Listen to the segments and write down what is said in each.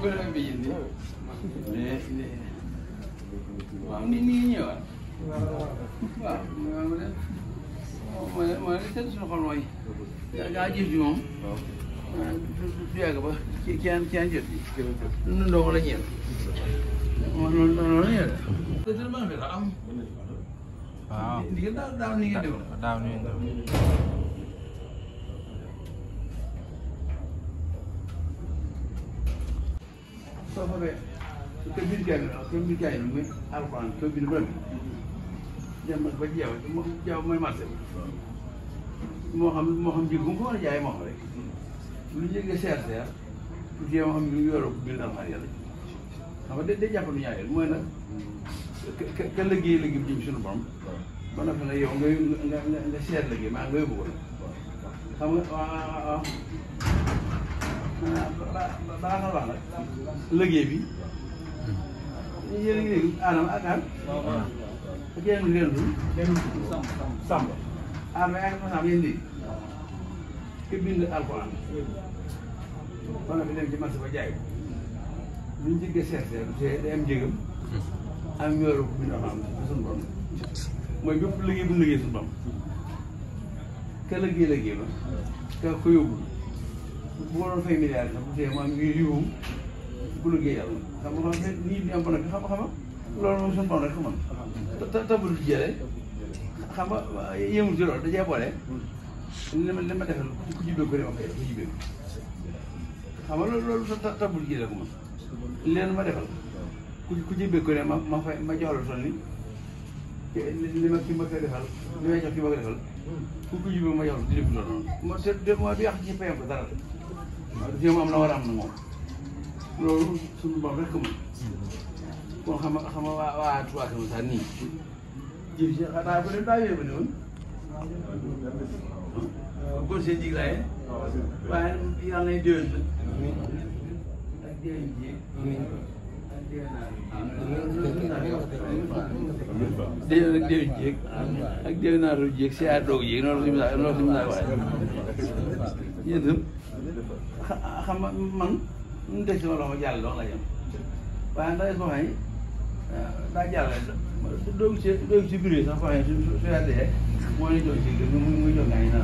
gouvernement bi jënd waaw nit ñi ñëwaat waaw mooy mooy li tëdd suñu xol mooy daa jëf ji moom du yàgg ba ci ci aan ci aan jot bi nu ndong la ñeel moom noonu noonu la ñeel waaw daaw ni ngeen def daaw ni ngeen def soo fafee te biir gaay te biir gaay bi muy alxuraan soo bind ba dem ba jaaw mo jaaw mooy marché moo xam moo xam njëg bu mu ko mën a jaay moo xam rek lu njëgee seer seer jéem a xam ñu yoroo ko bind alxuraan yàlla xam nga day jàpp nu ñaareel mooy nag ka ka liggéey liggéey bi jëm suñu borom ba noppi nag yow nga nga nga seet liggéey maa nga yóbbu ko xam nga waaw balaa nga wax rek liggéey bi yéen a ngi dégg Adama ak ak ak yéen leen du sàmm Adama ak ma sàmm yéen dégg ki bind alxuraan ba nga fi dem ci marché ba jaay luñ ci gëseer seet day am jégam am yoolu bu ñu am suñu borom mooy bépp liggéey bu ñu liggéey suñu borom ka liggéey liggéey ba ka ko bu ma doon fay milliards sax bu dee maa ngi yiwum ku liggéey yàlla xam nga xam ne nii di am ba nag xam xam loolu moom nga ma li ma defal ku jibee ko dema koy ku jibee xam nga loolu ma defal ku ku jibee ko ma ma fay ma jox la toll ni li ma kii ma koy defal li te waaw jéem am na war a am na moom loolu suñu bopp rek moom. kon xam nga xam nga waa waa Touba Kër Moussa nii. jërëjëf xanaa ba dem daa yóbbu ne woon. kon seen jig laay waaye yàlla nay déwén nag. ak déwén jéeg. Dia dia ujek. Ak dia na ujek si ada ujek no sim tak no sim tak wah. không tu. Kamu mang mungkin semua orang jalan lah yang. Bahan dah semua ini dah rồi Đôi chiếc đôi chiếc biển sao phải xe để mua đi chỗ chỉ được mua mua chỗ này là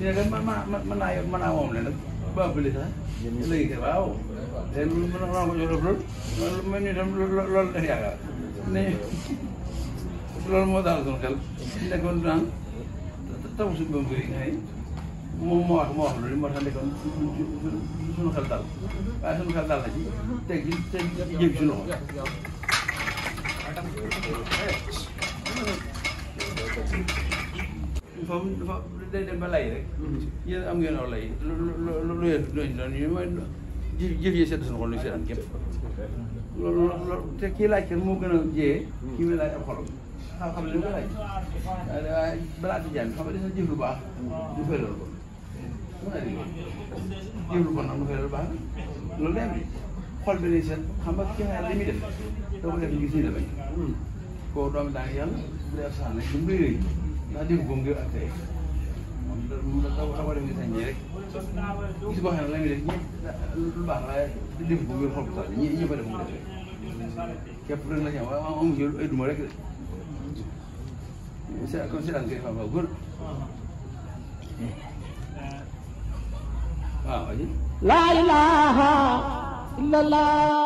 xe cái mà mà mà này mà nào ổn này nó bao nhiêu thế? Lấy cái bao Then menang aku jual belut. Lalu meni dalam belut lalu ni ada. Ni lalu modal tu kalau ni kon orang tahu sebelum beri ni. Mau mau aku mau lalu macam ni kon susun kalau tahu. Asun kalau tahu lagi. Tegi tegi jadi susun. fa fa day dem ba lay rek yéen am ngeen aw lay lu lu lu lu yéen ñu jëf yi sedd suñu ñu seetaan képp loolu loolu te kii laaj kenn moo gën a jiyee kii laaj ab xolam xam-xam ne ko laaj waaye balaa di jàng xam nga jëf lu baax ñu fay ko jëf lu bon am na fay baax loolu day xol bi lay xam nga ki def da ko def ñu gis la bañ hmm. bu sax ko ngir ak moom loolu moom dafa dafa war a ngi rek gis boo xam ne la muy def ñëpp lu baax la def ko ngir xool ko sax ñi ñi ko def mu def rek képp rek la ci am waaw amuñu ay duma rek de comme seetaan ngay faam waaw góor waaw aji laa ilaaha illallah